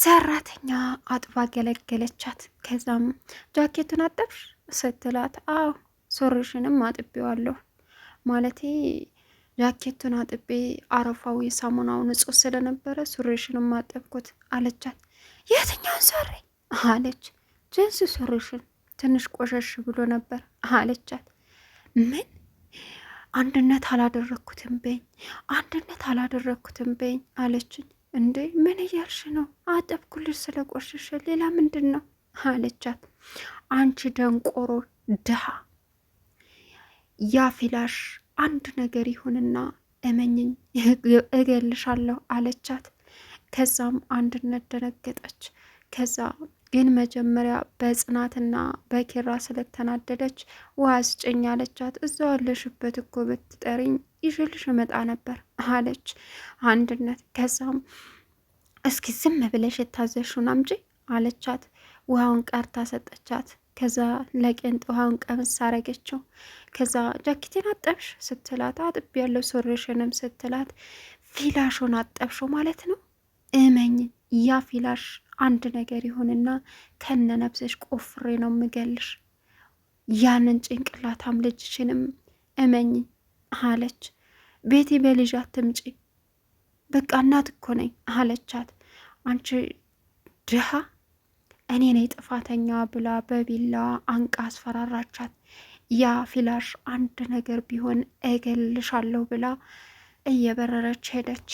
ሰራተኛ አጥባ ገለገለቻት። ከዛም ጃኬቱን አጠብሽ ስትላት አዎ ሱሪሽንም አጥቤዋለሁ ማለቴ ጃኬቱን አጥቤ አረፋዊ ሳሙናው ንጹህ ስለነበረ ሱሪሽንም አጠብኩት አለቻት። የትኛውን ሱሪ አለች። ጅንስ ሱሪሽን ትንሽ ቆሸሽ ብሎ ነበር አለቻት። ምን አንድነት አላደረግኩትም በኝ አንድነት አላደረግኩትም በኝ አለችኝ። እንዴ ምን እያልሽ ነው? አጠብኩልሽ ስለቆሸሸ ሌላ ምንድን ነው አለቻት። አንቺ ደንቆሮ ድሃ ያፊላሽ አንድ ነገር ይሁንና እመኝኝ እገልሻለሁ አለቻት። ከዛም አንድነት ደነገጠች። ከዛ ግን መጀመሪያ በጽናትና በኪራ ስለተናደደች ውሃ ስጭኝ አለቻት። እዛው ያለሽበት እኮ ብትጠሪኝ ይዤልሽ እመጣ ነበር አለች አንድነት። ከዛም እስኪ ዝም ብለሽ የታዘሽውን አምጪ አለቻት። ውሃውን ቀርታ ሰጠቻት። ከዛ ለቄንጥ ውሃውን ቀምስ አረገችው። ከዛ ጃኬቴን አጠብሽ ስትላት አጥብ ያለው ሱሪሽንም ስትላት ፊላሹን አጠብሾ ማለት ነው። እመኝ ያ ፊላሽ አንድ ነገር ይሁንና ከነ ነብሰሽ ቆፍሬ ነው ምገልሽ። ያንን ጭንቅላታም ልጅሽንም እመኝ አለች። ቤቲ በልጅ አትምጪ፣ በቃ እናት እኮ ነኝ አለቻት። አንቺ ድሃ እኔ ነኝ ጥፋተኛ ብላ በቢላዋ አንቃ አስፈራራቻት። ያ ፊላሽ አንድ ነገር ቢሆን እገልሻለሁ ብላ እየበረረች ሄደች።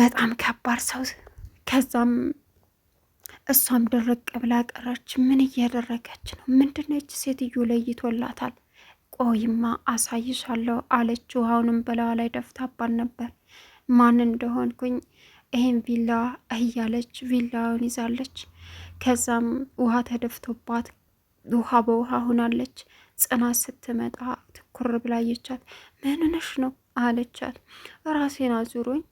በጣም ከባድ ሰው። ከዛም እሷም ድርቅ ብላ ቀረች። ምን እያደረገች ነው? ምንድነች? ሴትዮ ለይቶላታል። ቆይማ አሳይሻለሁ አለችው። አሁንም በላዋ ላይ ደፍታባል ነበር ማን እንደሆንኩኝ ይህን ቪላ እያለች ቪላውን ይዛለች። ከዛም ውሃ ተደፍቶባት ውሃ በውሃ ሆናለች። ጽናት ስትመጣ ትኩር ብላ አየቻት። ምን ነሽ ነው አለቻት። ራሴን አዙሮኝ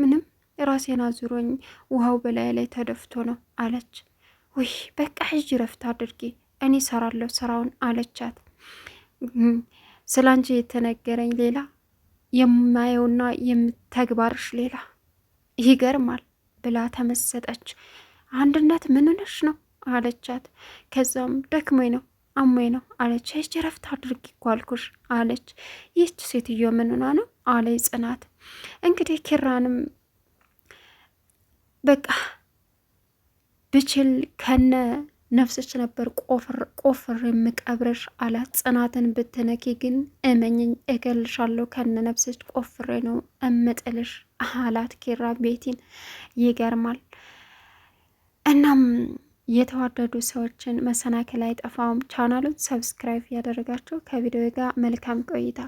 ምንም ራሴን አዙሮኝ ውሃው በላይ ላይ ተደፍቶ ነው አለች። ውይ በቃ ሂጂ ረፍት አድርጌ እኔ ሰራለሁ ስራውን አለቻት። አንቺ የተነገረኝ ሌላ፣ የማየውና የምተግባርሽ ሌላ። ይገርማል ብላ ተመሰጠች። አንድነት ምን ሆነሽ ነው አለቻት። ከዛም ደክሞኝ ነው አሞኝ ነው አለች። ይች ረፍት አድርጊ እኮ አልኩሽ አለች። ይህች ሴትዮ ምን ሆና ነው አለ ጽናት። እንግዲህ ኪራንም በቃ ብችል ከነ ነፍስች ነበር ቆፍር የምቀብርሽ አላት። ጽናትን ብትነኪ ግን እመኝኝ እገልሻለሁ፣ ከነ ነፍስሽ ቆፍሬ ነው እምጥልሽ አላት ኪራ ቤቲን። ይገርማል። እናም የተዋደዱ ሰዎችን መሰናክል አይጠፋውም። ቻናሉን ሰብስክራይብ ያደረጋቸው ከቪዲዮ ጋር መልካም ቆይታ